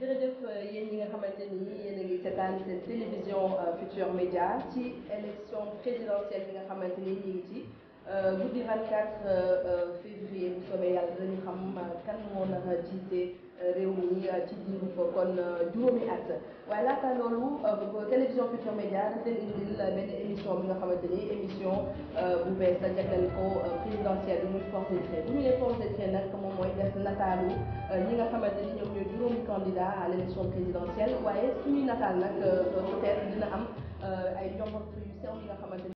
jërëjëf euh, yéen ñi nga xamante ni yéen a ngi seetaan seen télévision euh, Futurs Médias ci élection présidentielle bi nga xamante ni ñu ngi ci. guddi euh, 24 euh, euh, février bu soobee yàlla dinañu xam kan moo at waaye laata télévision Futurs Médias daf émission bi nga xamante ni émission bu bees la jagleel ko présidentielle bi muy force des traits bu ñu nee force des traits nag moom mooy def nga xamante ni ñoom candidat à l' élection présidentielle waaye suñuy nataal nag peut-être dina am ay njombat yu sew yi nga xamante ni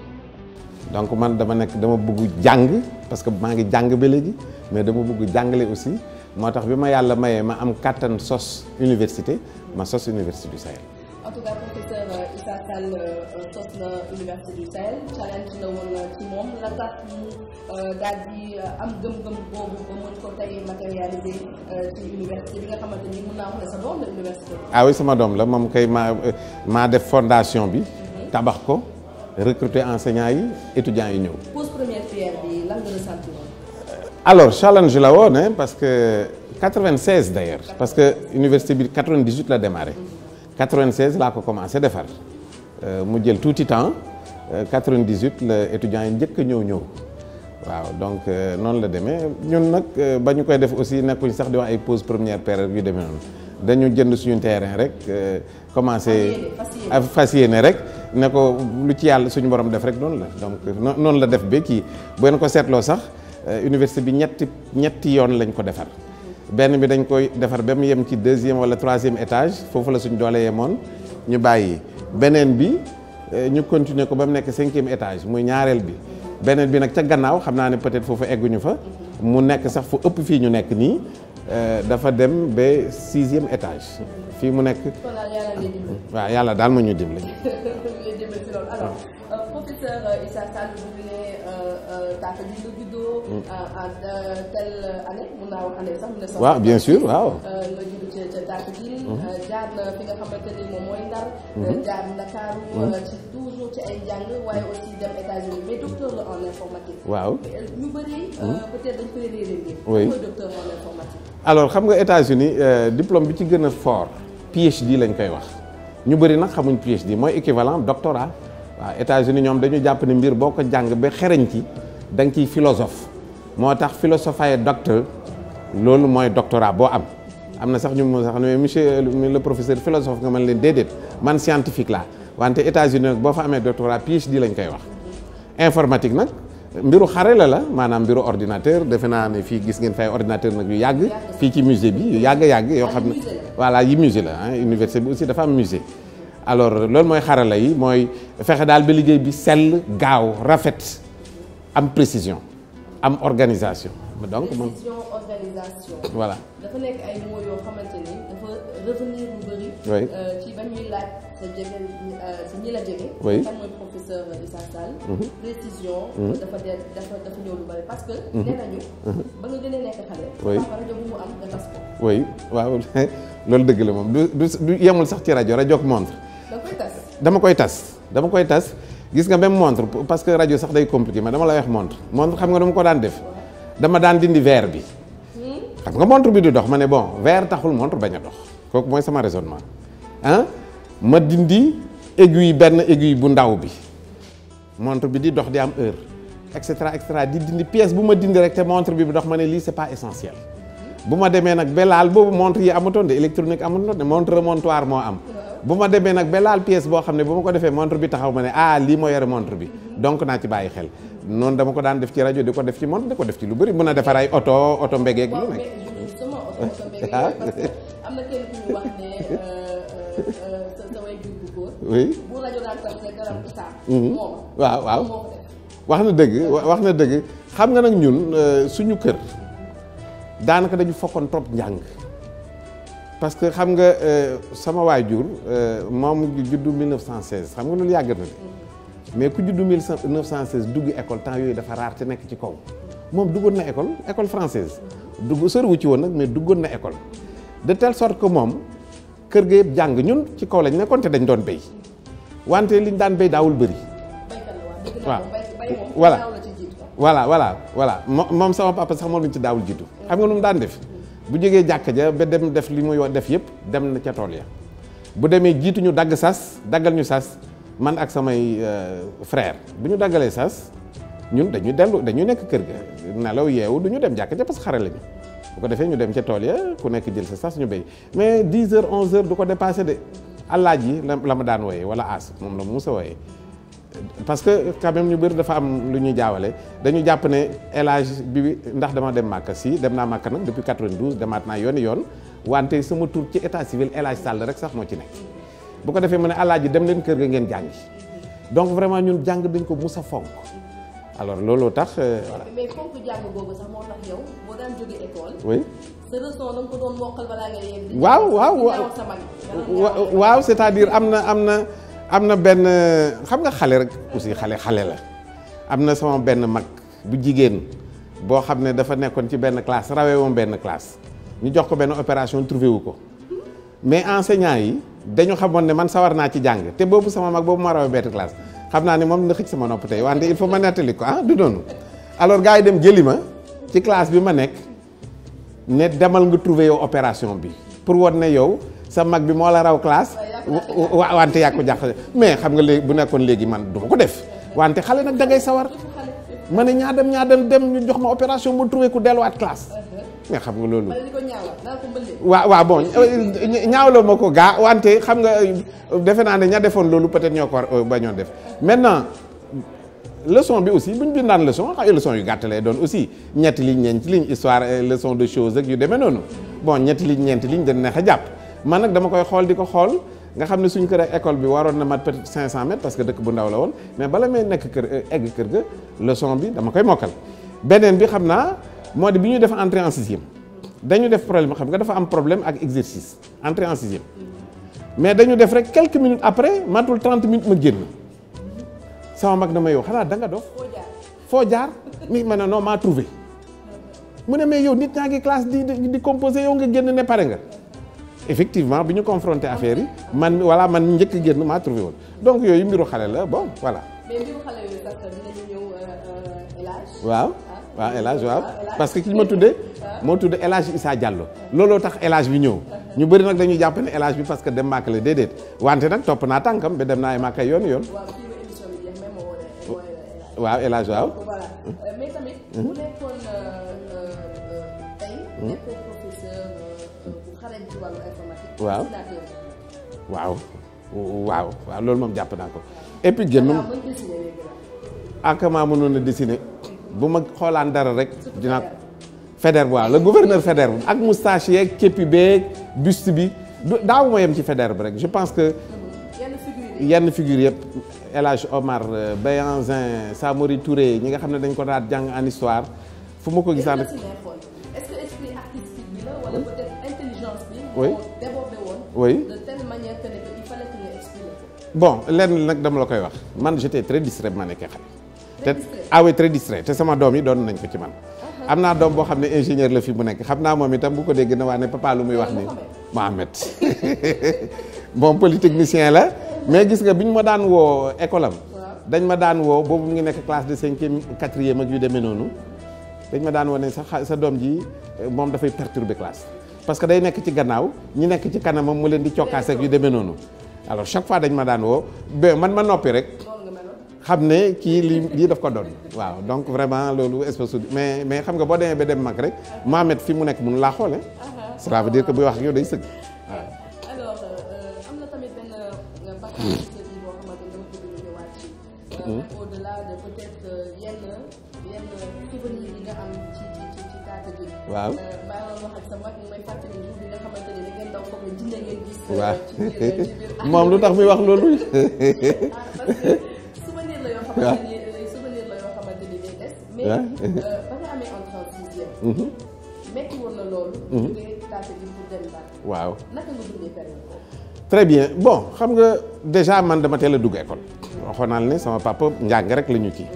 donc man dama nekk dama bëgg jàng parce que maa ngi jàng ba léegi mais dama bëgg jàngale aussi moo tax bi ma yàlla mayee ma am kàttan sos université ma sos université du Sahel. en euh, euh, euh, na université la ci moom la tax ko bi nga sa doom la université. ah sama doom la moom kay maa maa def fondation bi. Mhm. tabax ko. recruter enseignants yi étudiants yi ñëw. pose première pierre bi lan nga ressentir. Euh, alors challenge la woon hein parce que 96 d'ailleurs parce que université bi 98 la demare 96 laa ko commencé defar euh, mu jël tuuti temps 98 euh, la étudiants yi njëkk a ñëw ñëw. waaw donc noonu la demee ñun nag ba ñu koy def aussi nekkuñ sax di wax ay pause première pierre yu demee noonu dañu jënd suñu terrain rek commencé. fas yéene rek. ne ko lu ci yàlla suñu borom def rek noonu la donc noonu la def ba kii bu ngeen ko seetloo sax euh, université bi ñetti ñetti yoon lañ ko defar benn bi dañ koy defar ba mu yem ci deuxième wala troisième étage foofu la suñ doole yemoon ñu bàyyi beneen bi euh, ñu continuer ko ba mu nekk cinquième étage muy ñaareel bi beneen bi nag ca gannaaw xam naa ne peut-être foofu egguñu fa mu nekk sax fu ëpp fii ñu nekk nii euh, dafa dem ba sixième étage fii mu nekk waaw yàlla daal ma ñu dimbali alors euh, professeur euh, Issa Sall bu ñu nee Tata Dine la juddoo. en telle mun naa wax année sax mu ne. sax waaw bien sûr waaw. Euh, nga judd ca ca Tata mm-hmm. jaar na fi nga xamante ni moom mooy Ndar. Mm-hmm. jaar Ndakaaru mm-hmm. ci toujours ci ay jàng waaye aussi dem états mais docteur en informatique. waaw ñu bëri. peut dañ koy réeréer. oui mooy docteur en informatique. xam nga États-Unis diplôme bi ci gën a fort PhD lañ koy wax ñu bëri nag xamuñ PhD mooy équivalent doctorat. waaw États-Unis ñoom dañu jàpp ne mbir boo ko jàng ba xereñ ci da nga ciy philosophe moo tax philosophie docteur loolu mooy doctorat boo am am na sax ñu mu sax ne monsieur le professeur philosophe nga man leen déedéet man scientifique laa wante États-Unis nag boo fa amee doctorat di lañ koy wax informatique nag mbiru xare la la maanaam mbiru ordinateur defe naa ne fii gis ngeen fay ordinateur nag yu yàgg fii ci musée bi yu yàgg yàgg yoo xam ne voilà yi musée la ah université bi aussi dafa alors mooy xarala yi mooy fexe daal ba liggéey bi sell gaaw rafet am précision am organisation. donc moom précision organisation. voilà dafa nekk ay mots yoo xamante euh, ci ba euh, la jege. Mhm. Mhm. parce que. Mhm. nee nañu. ba nga gën nekk xale. waaw loolu dëgg la moom du du yemul sax ci rajo rajo ak montre. dama koy tas dama koy tas gis nga même montre parce que rajo sax day compliqué ma dama lay wax montre montre xam nga dama ko daan def dama daan dindi verre bi hmm? xam nga montre bi di dox ma ne bon verre taxul montre bañ a dox kooku mooy sama raisonnement ah ma dindi aiguille benn aiguille bu ndaw bi montre bi di dox di am heure et cetera et di dindi pièce bu ma dindi rek te montre bi dox ma ne lii c'est pas essentiel bu ma demee nag ba laal boobu montre yi amatoon de électronique amatoon de montre remontoir moo am. bu ma demee nag ba laal pièce boo xam ne bu ma ko defee montre bi taxaw ma ne ah lii moo yore montre bi donc naa ci bàyyi xel noonu dama ko daan def ci rajo di ko def ci montre di ko def ci lu bëri mën a defar ay oto oto mbegeeg lu nekk wax mhm. waaw waaw wax na dëgg wax na dëgg xam nga nag ñun euh, suñu kër daanaka dañu fokkoon trop njàng parce que xam nga euh, sama waajur euh, moom juddu 1916 xam nga loolu yàgg na de mais ku juddu 1916 dugg école temps yooyu dafa raar te nekk ci kaw moom duggoon na école école française dugg soriwu ci woon nag mais duggoon na école de telle sorte que moom kër ga yëpp jàng ñun ci kaw lañ nekkoon te dañ doon béy wante liñ daan bay daawul bëri waaw voilà voilà voilà voilà moom sama papa sax moom lañ ci daawul jiitu xam nga nu mu daan def bu jegee jàkk ja ba dem def li muy def yëpp dem na ca tool ya bu demee jiituñu dagg sas daggal ñu sas man ak samay euh, frère bu ñu daggalee sas ñun dañu dellu dañu nekk kër ga nelaw yeewu du ñu dem jàkk ja parce que xare lañu bu ko defee ñu dem ca tool ya ku nekk jël sa sas ñu béy mais 10 heures 11 heures du ko dépassé de allaaj yi la ma daan wooyee wala aas moom la mu musa wooyee parce que quand même ñu bëri dafa am lu ñuy jaawale dañu jàpp ne élage bi ndax dama dem Màkka si dem naa Màkka nag depuis 92 demaat naa yooni yoon wante sama tur ci état civil El Hadj Sall rek sax moo ci nekk bu ko defee mu ne alaaji dem leen kër ga ngeen jàngi donc vraiment ñun jàng dañ ko mus a fonk alors looloo tax. Euh, voilà mais fonk jàng boobu waaw waaw waaw c'est-à-dire am na am na am na benn xam nga xale rek aussi xale xale la am na sama benn mag bu jigéen boo xam ne dafa nekkoon ci benn classe rawee woon benn classe ñu jox ko benn opération trouvé wu ko mais enseignant yi dañu xamoon ne man sawar naa ci jàng te boobu sama mag boobu ma rawee benn classe xam naa ne moom na xëcc sama nopp tey wante il faut ma nettali ko ah du noonu alors gaa yi dem jëli ma ci classe bi ma nekk ne demal nga trouvé yow opération bi pour won ne yow sa mag bi moo la raw classe wa wante yaa ko jàq mais xam nga léegi bu nekkoon léegi man du ko def wante xale nag daggay sawar ma ne ñaa dem ñaa dem dem ñu jox ma opération mu trouvé ku delluwaat classe mais xam nga loolu waaw waaw bon ñaawloo ma ko gaa wante xam nga defe naa ne ña defoon loolu peut-être ñoo ko euh, bañoon def maintenant leçon bi aussi bu ñu bindaan leçon xay yu gàtt lay doon aussi ñetti liñ ñeenti liñ histoire euh, leçon de choses ak yu demee noonu bon ñetti liñ ñeenti liñ dañ neex a jàpp man nag dama koy xool di ko xool nga xam ne suñu kër ak école bi waroon na mat peut-être 500 mètres parce que dëkk bu ndaw la woon mais bala may nekk kër eh, egg kër ga leçon bi dama koy mokkal beneen bi xam naa moo di bi ñuy def entrée en sixième dañu def problème xam nga dafa am problème ak exercice entrée en sixième mais dañu def rek quelques minutes après matul 30 minutes ma génn sama mag damay wax xanaa da nga dof foo jaar mi ma ne non maa trouvé mu ne mais yow nit ñaa ngi classe di di composé yow nga génn ne pare nga. effectivement bu ñu confronté affaire yi man mi voilà man mi njëkk a génn maa trouvé woon donc yooyu mbiru xale la bon voilà. Euh, euh, waaw ah. waaw El waaw ah, parce que ki ñu ma tuddee. moo tudd El Hadj Issa Diallo looloo tax El Hadj bi ñëw. ñu bëri nag dañuy jàpp ne bi parce que dem màkk la déedéet wante nag topp naa tànkam ba dem naa ay màkk yoon yoon. waaw El waaw. Mm. Euh, euh, nekk waaw waaw waaw loolu moom jàpp naa ko. et puis génn akama ah, mënoon a dessiner mm-hmm. bu ma xoolaan dara rek dina Faidherbe waaw le gouverneur Faidherbe ak moustache yeeg képpi beeg bust bi daaw moo yem ci bi rek je pense que mm-hmm. yenn figure yëpp El Hadj Omar euh, Béhanzin Samori Touré ñi nga xam ne dañ ko daat jàng en histoire fu ma ko gisaan oui débordé bon lenn nag dama la koy wax man jete très distrait bu ma nekkee xale. te ah oui distrait te sama doom yi doon nañ ko ci man. Uh-huh. am naa doom boo xam ne ingénieur la fii bu nekk xam naa moom itam bu ko dégg na waa ne papa lu muy wax nii. Mohamed bon polytechnicien la mais gis nga bi ñu ma daan woo école am. dañ ma daan woo boobu mu ngi nekk classe de cinquième quatrième ak yu demee noonu dañ ma daan woo ne sa sa doom ji euh, moom dafay perturber classe. parce que day nekk ci gannaaw ñi nekk ci kanamam mu leen di cokkaase yu demee noonu alors chaque fois dañ ma daan woo ba man ma noppi rek xam ne kii lii lii def ko doon waaw donc vraiment loolu espèce mais mais xam nga boo demee ba dem mag rek Mohamed fi mu nekk mun laa xoole uh-huh. cela veut dire que buy wax ak yow day sëgg ñu wàcc waaw. Euh, euh, waaw moom lu tax muy wax loolu. souvenir la yoo xamante waaw très bien bon xam nga déjà man dama teel la dugg école. waxoon naa sama papa njàng rek la ñu kii.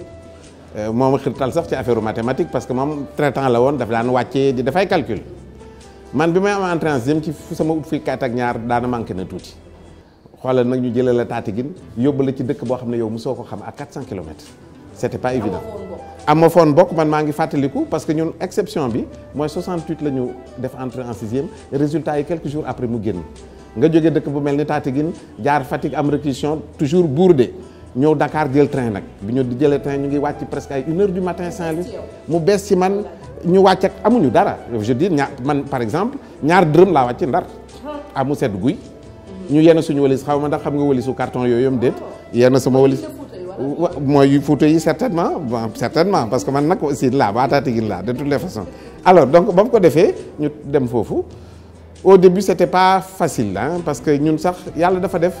Euh, moom xirtal sax ci affaire mathématique parce que moom traitant la woon daf daan wàccee di dafay calcul. man bi may am en troisième ci fu sama ut fukki at ak ñaar daana manqué na tuuti xoolal nag ñu jëlee la Tataguine yóbbu la ci dëkk boo xam ne yow mosoo ko xam à 400 kilomètres c' était pas évident. amofoon bokk man maa ngi fàttaliku parce que ñun exception bi mooy 68 la ñu def entrée en sixième résultat yi quelques jour après mu génn nga jóge dëkk bu mel ni Tataguine jaar Fatick am réquisition toujours buur de ñëw Dakar jël train nag bi ñu di jëlee train ñu ngi wàcc presque ay une heure matin saint mu bees ci man. ñu wàcc ak amuñu dara je dis ñaar man par exemple ñaar dërëm laa wàcc ndar amu sedd guy ñu yenn suñu walis xaw ma ndax xam nga walisu carton yooyu yom déet yenn sama walis mooy Fuuta yi certainement bon certainement parce que man nag aussi laa baataatigin laa de toutes les façons alors donc ba ko defee ñu dem foofu au début c'était pas facile la parce que ñun sax yàlla dafa def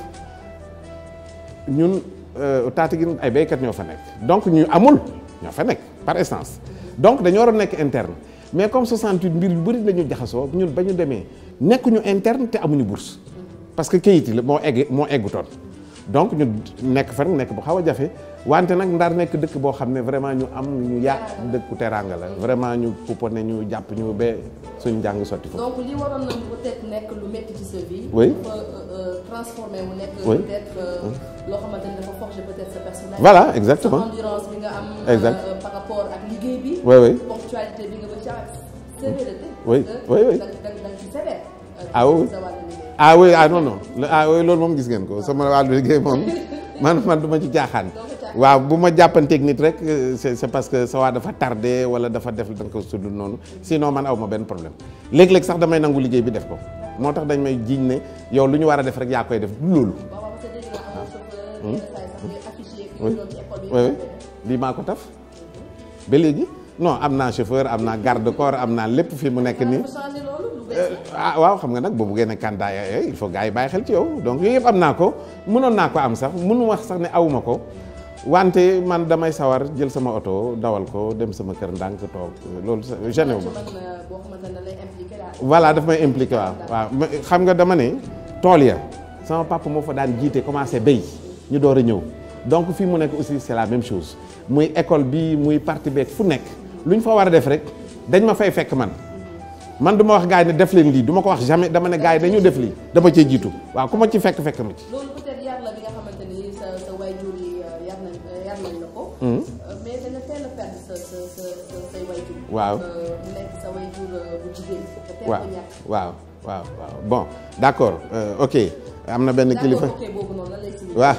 ñun euh, Tataguine ay béykat ñoo fa nekk donc ñuy amul ñoo fa nekk par essence donc dañoo war a nekk interne mais comme 68 mbir yu bëri dañu jaxasoo ñun ba ñu demee nekkuñu interne te amuñu bourse parce que kayit yi la moo egg moo eggutoon donc ñu nekk fan nekk bu xaw a jafe wante nag ndar nekk dëkk boo xam ne vraiment ñu am ñu yàq dëkku teraanga la vraiment ñu pouponné ñu jàpp ñu ba suñ jàng sotti foofu. donc li waroon na peut-être nekk lu métti euh, euh, euh, voilà exactement sa endurance bi nga am. loolu moom gis ngeen ko sama wàllu liggéey moom man man du ma ci jaaxaan. waaw bu ma jàppanteeg nit rek euh, c'est parce que sa waa dafa tardé wala dafa def da nga ko sudul noonu sinon man aw ma benn problème léeg-léeg sax damay nangu liggéey bi def ko moo tax dañ may jiiñ ne yow lu ñu war a def rek yaa koy def du loolu. lii ah. hmm? maa ko taf ba léegi no am naa chauffeur am naa garde corps am naa lépp fi mu nekk nii. Euh, ah waaw xam nga nag boo buggee ne candidat yooyu il faut gars yi bàyyi xel ci yow donc yooyu yëpp am naa ko mënoon naa ko am sax mënu wax sax ne awuma ko. wante man damay sawar jël sama oto dawal ko dem sama kër ndànk toog loolu gêné wu ma voilà daf may impliqué waaw waaw xam nga dama ne tool ya sama papa moo fa daan jiite commencé bay ñu door a ñëw donc fii mu nekk aussi c'est la même chose muy école bi muy parti beeg fu nekk lu ñu fa war a def rek dañ ma fay fekk man man du ma wax gars yi def leen lii duma ko wax jamais dama ne gars yi dañu def lii dama cee jiitu waaw ku ma ci fekk fekk ma ci Hmm? mais da waaw waaw waaw waaw bon d' accord euh, ok. am na benn kilifa waaw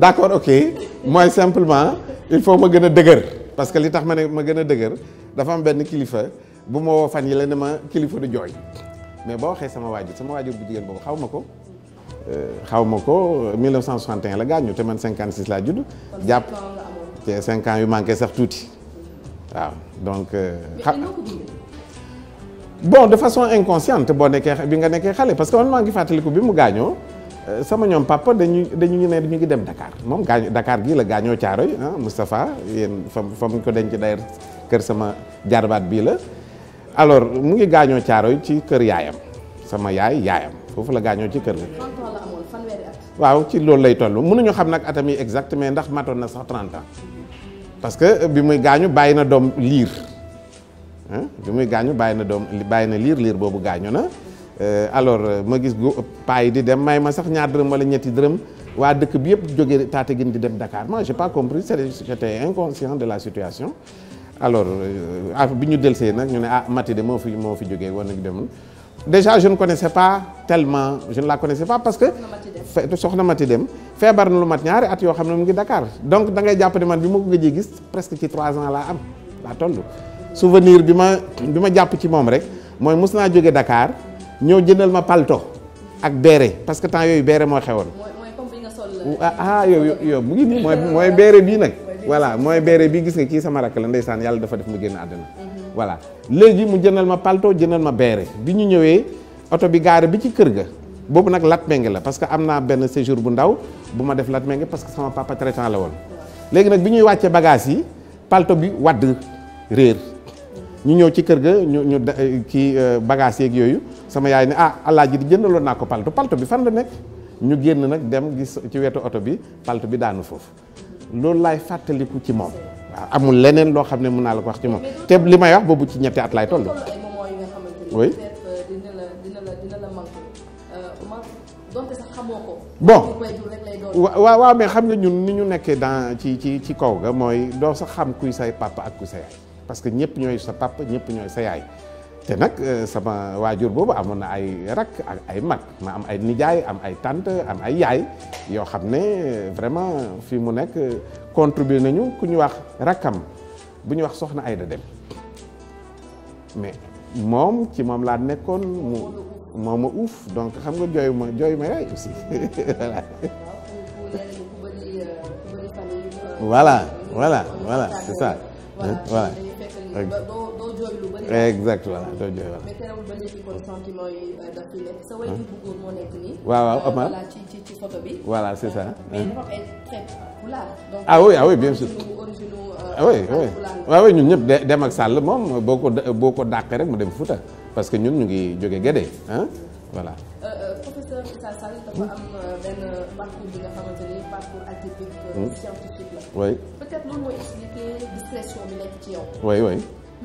d' accord ok mooy simplement il faut ma gën a dëgër parce que li tax ma ne ma gën a dëgër dafa am benn kilifa bu ma woo yi la ne ma kilifa du jooy mais boo waxee sama waajur sama waajur bu jigéen boobu xaw ma ko euh, xaw ma ko 1961 la gaañu te man 56 laa judd jàpp te cinq ans yu manqué sax tuuti waaw donc. Euh, bon de façon inconsciente boo nekkee bi nga nekkee xale parce que man maa ngi fàttaliku bi mu gaañoo euh, sama ñoom papa dañu dañu ñu ne ñu ngi dem Dakar moom gaañu Dakar gii la gaañoo Caaroy ah Moustapha yéen fa fa mu ko denc d'ailleurs kër sama jarbaat bii la alors mu ngi gaañoo Caaroy ci kër yaayam sama yaay yaayam foofu la gaañoo ci kër la waaw ci loolu lay toll mënuñu xam nag atam yi exactement ndax matoon na sax 30 ans parce que bi muy gaañu bàyyi na doom liir bi muy gaañu bàyyi na doom bàyyi na liir liir boobu gaañu na euh, alors euh, ma gis gu paa yi di dem may ma sax ñaar dërëm wala ñetti dërëm waa dëkk bi yëpp jógee Tataguine di dem Dakar moi j'ai pas compris j'étais inconscient de la situation alors euh, ah, bi ñu delsee nag ñu ne ah Mati de moo fi moo fi jógee woon nag demul déjà je ne connaissais pas tellement je ne la connaissais pas que. soxna Mati Dem feebar na lu mat ñaari at yoo xam ne mu ngi Dakar donc da jàpp ne man bi ma ko gëjee gis presque ci trois ans laa am laa toll. souvenir bi ma bi ma jàpp ci moom rek mooy mos naa jóge dakaar ñëw jëndal ma palto ak béere parce que temps yooyu béere moo xewoon. mooy comme bi nga sol euh, ah, ah, mooy mooy bii nag. voilà mooy béere bii gis nga kii sama rakk la ndeysaan yàlla dafa def mu génn àdduna. Mhm. voilà léegi mu jëndal ma palto jëndal ma beere bi ñu ñëwee oto bi gaare bi ci kër ga boobu nag Latmingué la parce que am naa benn séjour bu ndaw bu ma def lat parce que sama papa traitant la woon léegi nag bi ñuy wàccee bagage yi palto bi wadd réer ñu ñëw ci kër ga ñu ñu eh, ki eh, bagage yeeg yooyu sama yaay ne ah alaaji di jëndaloon naa ko palto palto bi fan la nekk ñu génn nag dem gis ci wetu oto bi palto bi daanu foofu loolu laay fàttaliku ci moom waaw amul leneen loo xam ne mën naa la ko wax ci moom te li may wax boobu ci ñetti at laay toll. oui. Euh, euh, bon waaw waaw mais xam nga ñun ni ñu nekkee dans ci ci ci kaw ga mooy doo sa xam kuy say papa ak ku sa yaay parce que ñëpp ñooy sa papa ñëpp ñooy sa yaay te nag eh, sama waajur boobu amoon na ay rakk ak ay mag ma am ay nijaay am ay tante am ay yaay yoo xam ne eh, vraiment fi mu nekk eh, contribuer nañu ku ñu wax rakam bu ñu wax soxna Ayda Dem mais moom ci moom laa nekkoon mu moo uuf donc xam nga jooyu ma jooyu ma yaay aussi voilà voilà voilà voilà c'est exactement doo wala. mais terewul ba waaw waaw ci ci ci bi. voilà c'est ça. mais dafa am ay traits pulaar. donc ah oui ah oui bien sûr. Euh, ah oui oui waaw ñun ñëpp dem ak Sall moom boo ko boo rek mu dem Fouta parce que ñun ñu ngi jóge Guédé ah voilà. Euh, euh, professeur Issa dafa am benn parcours bi nga xamante ni parcours atypique hmm. scientifique la. oui peut-être loolu mooy expliquer discrétion bi nekk ci yow. oui oui.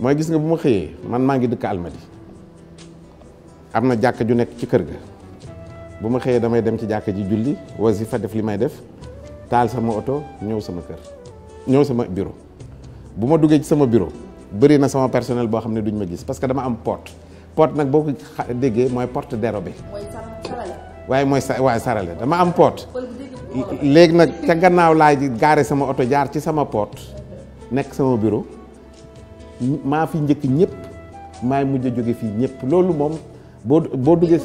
mooy gis nga bu ma xëyee man maa ngi dëkk Almadi am na jàkka ju nekk ci kër gi bu ma xëyee damay dem ci jàkk ji julli fa def li may def taal sama oto ñëw sama kër ñëw sama bureau bu ma duggee ci sama bureau bëri na sama personnel boo xam ne duñ ma gis parce que dama am porte porte nag boo ko déggee mooy porte dérobée waaye mooy sa waaye sarale dama am porte léegi nag ca gannaaw laay gaare sama oto jaar ci sama porte nekk sama bureau maa fi njëkk ñépp maa mujj a jóge fii ñëpp loolu moom boo boo duggee.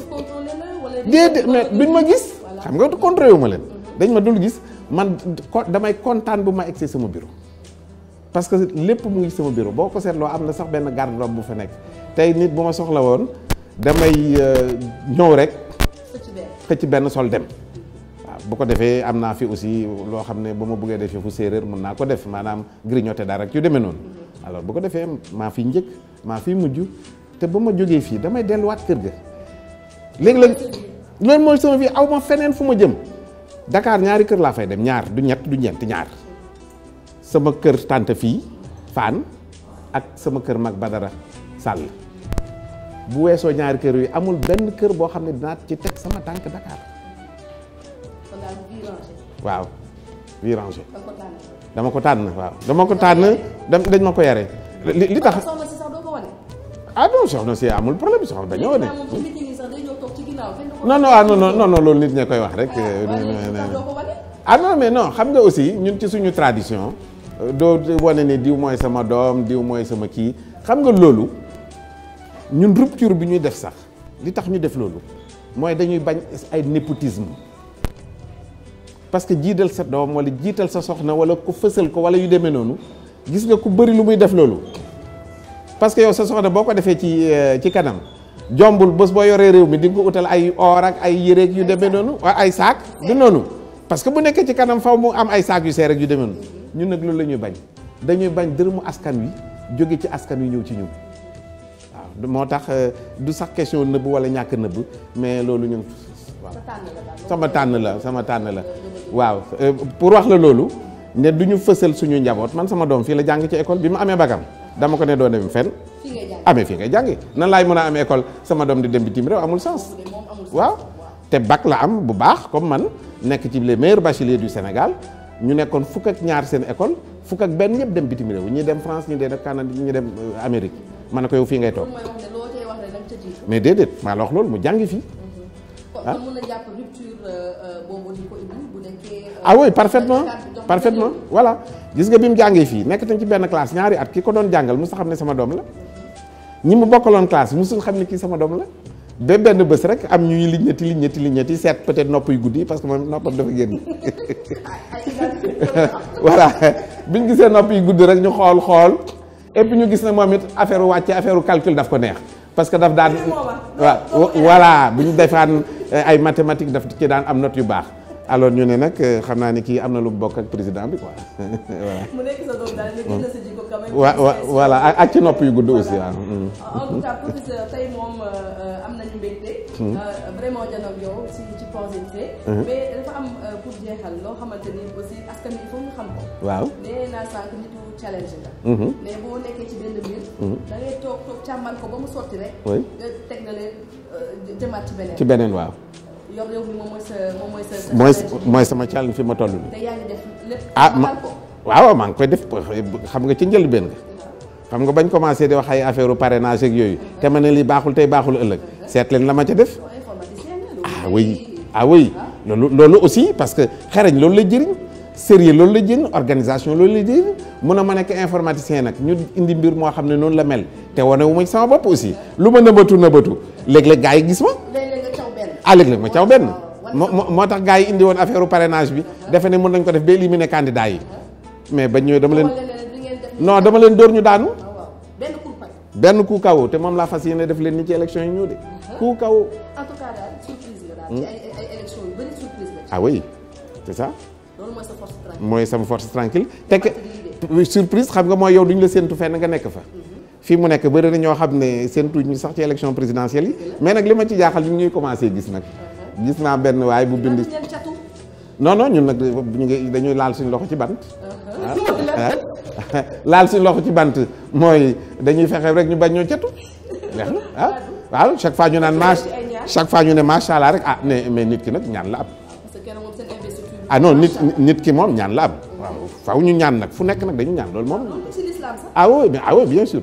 déedéet duñ ma gis. xam nga du contrôlé wu ma leen. Mhm. dañ ma dul gis man damay kontaan bu ma egsee sama biro parce que lépp mu ngi sama biro boo ko seetloo am na sax benn garde-robe bu fa nekk tey nit bu ma soxla woon damay euh, ñëw rek. xëcc benn sol dem. bu ko defee am naa fi aussi loo xam ne ba ma bëggee defee fu séeréer mun naa ko def maanaam grignoter dara ak yu demee noonu. alors bu ko defee maa fi njëkk maa fi mujj te ba ma jógee fii damay delluwaat kër ga léegi la loolu mooy sama fii aw ma feneen fu ma jëm Dakar ñaari kër laa fay dem ñaar du ñett du ñeent ñaar sama kër tante fii Fann ak sama kër mag Badara Sall bu weesoo ñaari kër yi amul benn kër boo xam ne dinaa ci teg sama tànk Dakar waaw virangé dama ko tànn waaw dama ko tànn dam dañ ma ko yare li li tax ah, ah non si amul problème soxna dañoo wane. non non ah non non non loolu nit ña koy wax rek. ah, euh, ah xam nga aussi ñun ci suñu tradition. Euh, doo wane ne diw mooy sama doom diw mooy sama kii xam nga loolu ñun rupture bi ñuy def sax li tax ñu def loolu mooy dañuy bañ ay népotisme. parce que jiital sa doom wala jiital sa soxna wala ku fësal ko wala yu demee noonu gis nga ku bëri lu muy def loolu parce que yow sa soxna boo ko defee ci euh, ci kanam jombul bés boo yoree réew mi di nga ko utal ay or ak ay yéreeg yu demee noonu ay saak du noonu parce que bu nekkee ci kanam faw mu am ay saak yu seer ak yu demee noonu ñun nag loolu la ñuy bañ dañuy bañ dërëmu askan wi jóge ci askan wi ñëw ci ñun waaw moo tax euh, du sax question nëbb wala ñàkk nëbb mais loolu ñun waaw tànn la sama tànn la waaw euh, pour wax la loolu ne du ñu fësal suñu njaboot man sama doom fii la jàng ci école bi ma amee bagam dama ko ne doo dem fen amee fii ngay jàngi nan laay mën a amee école sama doom di dem bitim réew amul sens waaw te bac la am bu baax comme man nekk ci les maire bacheliers du Sénégal ñu nekkoon fukk ak ñaar seen école fukk benn ñëpp dem bitim réew ñi dem France ñi dem Canada ñi dem euh, Amérique man ne ko fii ngay toog mais déedéet maa la loolu mu jàngi fii ah. ah oui parfaitement parfaitement voilà gis nga bi mu jàngee fii nekk nañ ci benn classe ñaari at ki ko doon jàngal musu xam ne sama doom la ñi mu bokkaloon classe musul xam ne kii sama doom la ba benn bës rek am ñuy liññati liññati liññati seet peut-être nopp yu guddi parce que moom noppam dafa génn voilà bi ñu gisee nopp yu guddi rek ñu xool xool ñu gis ne moom it affaire wàcce affaire calcul daf ko neex parce que daf daan waaw bu ñu defaan eh, ay mathématiques daf ci daan am note yu baax alors ñu ne nag euh, xam naa ne kii am na lu bokk ak président bi quoi voilà. mu waaw ak ci nopp yu gudd aussi waaw. Ah, mm. ah, euh, euh, mm. mm-hmm. mais dafa am pour jeexal loo xamante ni aussi askan wi foofu ñu xam ko. waaw nee naa sànq nitu challenge la. Mm-hmm. mais boo nekkee ci benn mbir. Mm-hmm. da toog toog ko ba mu sotti rek. teg na leen jëmaat ci beneen waaw. yow mooy sa mooy sama càll fi ma toll nii. ah ma waaw maa ngi koy def xam nga ci njëlbeen nga. xam nga bañ commencé di wax ay pare naa ak yooyu te ma ne lii baaxul tey baaxul ëllëg seetleen la ma ca def. ah, ah loolu loolu aussi parce que xarañ loolu la jëriñ. sérieux loolu la jëriñ organisation loolu la jëriñ mun a ma nekk informaticien nag ñu indi mbir moo xam ne noonu la mel te wane wu ma sama bopp aussi lu ma nëbatu nëbatu léeg-léeg gars yi gis ma. ah léeg-léeg ma caw benn moo moo tax gars yi indi woon affaire parrainage bi defe ne mën nañ ko def ba éliminer candidat yi mais bañ ñëwee dama leen non dama leen dóor ñu daanu benn coup kaw te moom laa fas yéene def leen ni ci élection yi ñëw de coup kaw en tout cas hmm? ah mooy sa mooy sama force tranquille te que surprise xam nga mooy yow duñ la séentu fenn nga nekk fa hmm. fii mu nekk bëri na ñoo xam ne seen tuuj mi sax ci élection présidentielle yi mais nag li ma ci jaaxal ñuy commencé gis nag gis naa benn waaye bu bind non non ñun nag ñu ngi dañuy laal suñu loxo ci bant ah. ah. laal si loxo ci bant mooy dañuy fexe rek ñu bañ ñoo catu leex na ah. waaw chaque fois ñu naan ma chaque fois ñu ne macha allah rek ah mais nit ki nag ñaan la am ah nit nit ki moom ñaan la am waaw faw ñu ñaan nag fu nekk nag dañu ñaan loolu moom ah bien sûr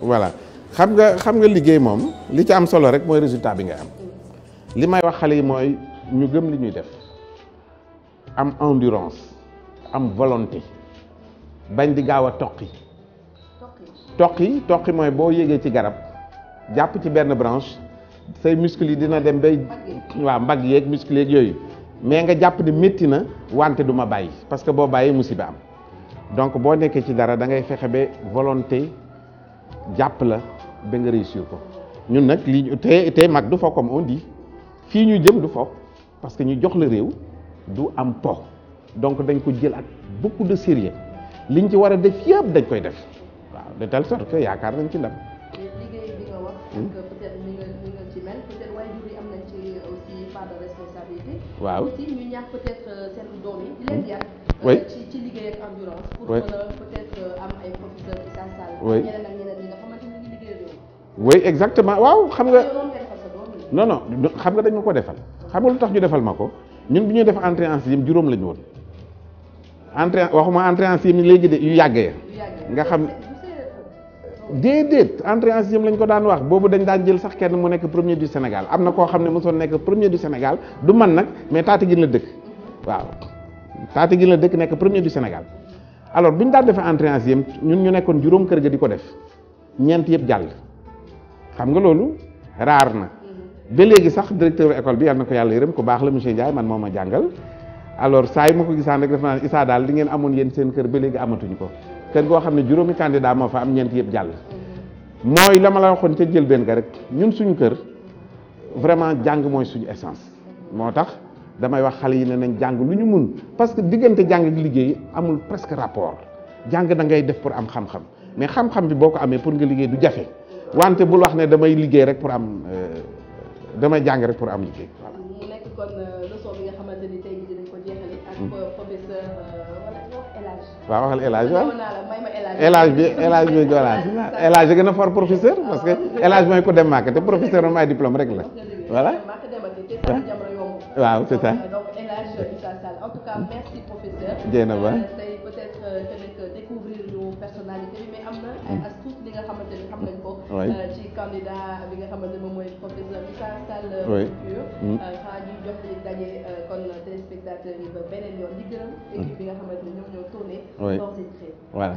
voilà xam nga xam nga liggéey moom li ci am solo rek mooy résultat bi nga am li may wax xale yi mooy ñu gëm li ñuy def am endurance am volonté bañ di gaaw a toqi toqi toqi mooy boo yégee ci garab jàpp ci benn branche say muscles yi dina dem bay waaw mbagg yeeg muscles yeeg yooyu mais nga jàpp ni métti na wante du ma bàyyi parce que boo bàyyi musiba am donc boo nekkee ci dara da ngay fexe ba volonté jàpp la ba réussir ko ñun nag lii ñu mag du fo comme on dit fii ñu jëm du fo parce que ñu jox la réew du am po donc dañ ko jël ak beaucoup de sérieux liñ ci war a def yëpp dañ koy def waaw de telle sorte que yaakaar nañ ci ndam. waaw aussi euh, hmm? euh, ci ci endurance. pour mën euh, am ay professeurs ci saa saa. oui exactement waaw xam nga. non xam nga dañ ma ko defal. xam nga lu tax ñu defal ma ko ñun bu ñuy def entrée en sixième juróom lañu woon entrée waxuma entrée en sixième léegi de yu yàggee nga xam déedéet entrée en lañ ko daan wax boobu dañ daan jël sax kenn mu nekk premier du Sénégal am na koo xam ne mosoon nekk premier du Sénégal du man nag mais gin la dëkk waaw Tataguine la dëkk nekk premier du Sénégal alors bu ñu daan defee entrée en sixième ñun ñu nekkoon juróom kër ga di ko def ñeent yëpp jàll. xam nga loolu raar na ba léegi sax directeur école bi yal na ko yàlla yërëm ko baax la monsieur Ndiaye man moo ma jàngal alors saa yi ma ko gisaan rek def naa Issa daal li ngeen amoon yéen seen kër ba léegi amatuñ ko goo xam ne juróomi candidat moo fa am ñeent yëpp jàll mooy la ma la waxoon ca jël benn ga rek ñun suñu kër vraiment jàng mooy suñu essence moo tax damay wax xale yi ne nañ jàng lu ñu mun parce que diggante jàng ak liggéey amul presque rapport jàng da ngay def pour am xam-xam mais xam-xam bi boo ko amee pour nga liggéey du jafe wante bul wax ne damay liggéey rek pour am euh, damay jàng rek pour am liggéey voilà. mu nekk kon euh, leçon bi nga xamante ni tey jii dinañ ko jeexale ak hmm. euh, professeur waaw waxal El Hadj waaw El Hadj bi El Hadj bi voilà El Hadj gën a fort professeur parce que ah, El Hadj mooy ko dem màkk te professeur moom ay diplôme rek la voilà. waaw c'est ça. donc El Hadj Issa Sall en tout cas merci professeur. Jéena ba tey peut-être. Euh, ci candidat bi nga xamante ne moom mooy professeur Issa Sall. oui xanaa ñuy jox di daje euh, kon téléspectateur yi ba beneen yoon di gërëm. Mm. équipe bi nga xamante ne ñoom ñoo tourné. oui voilà.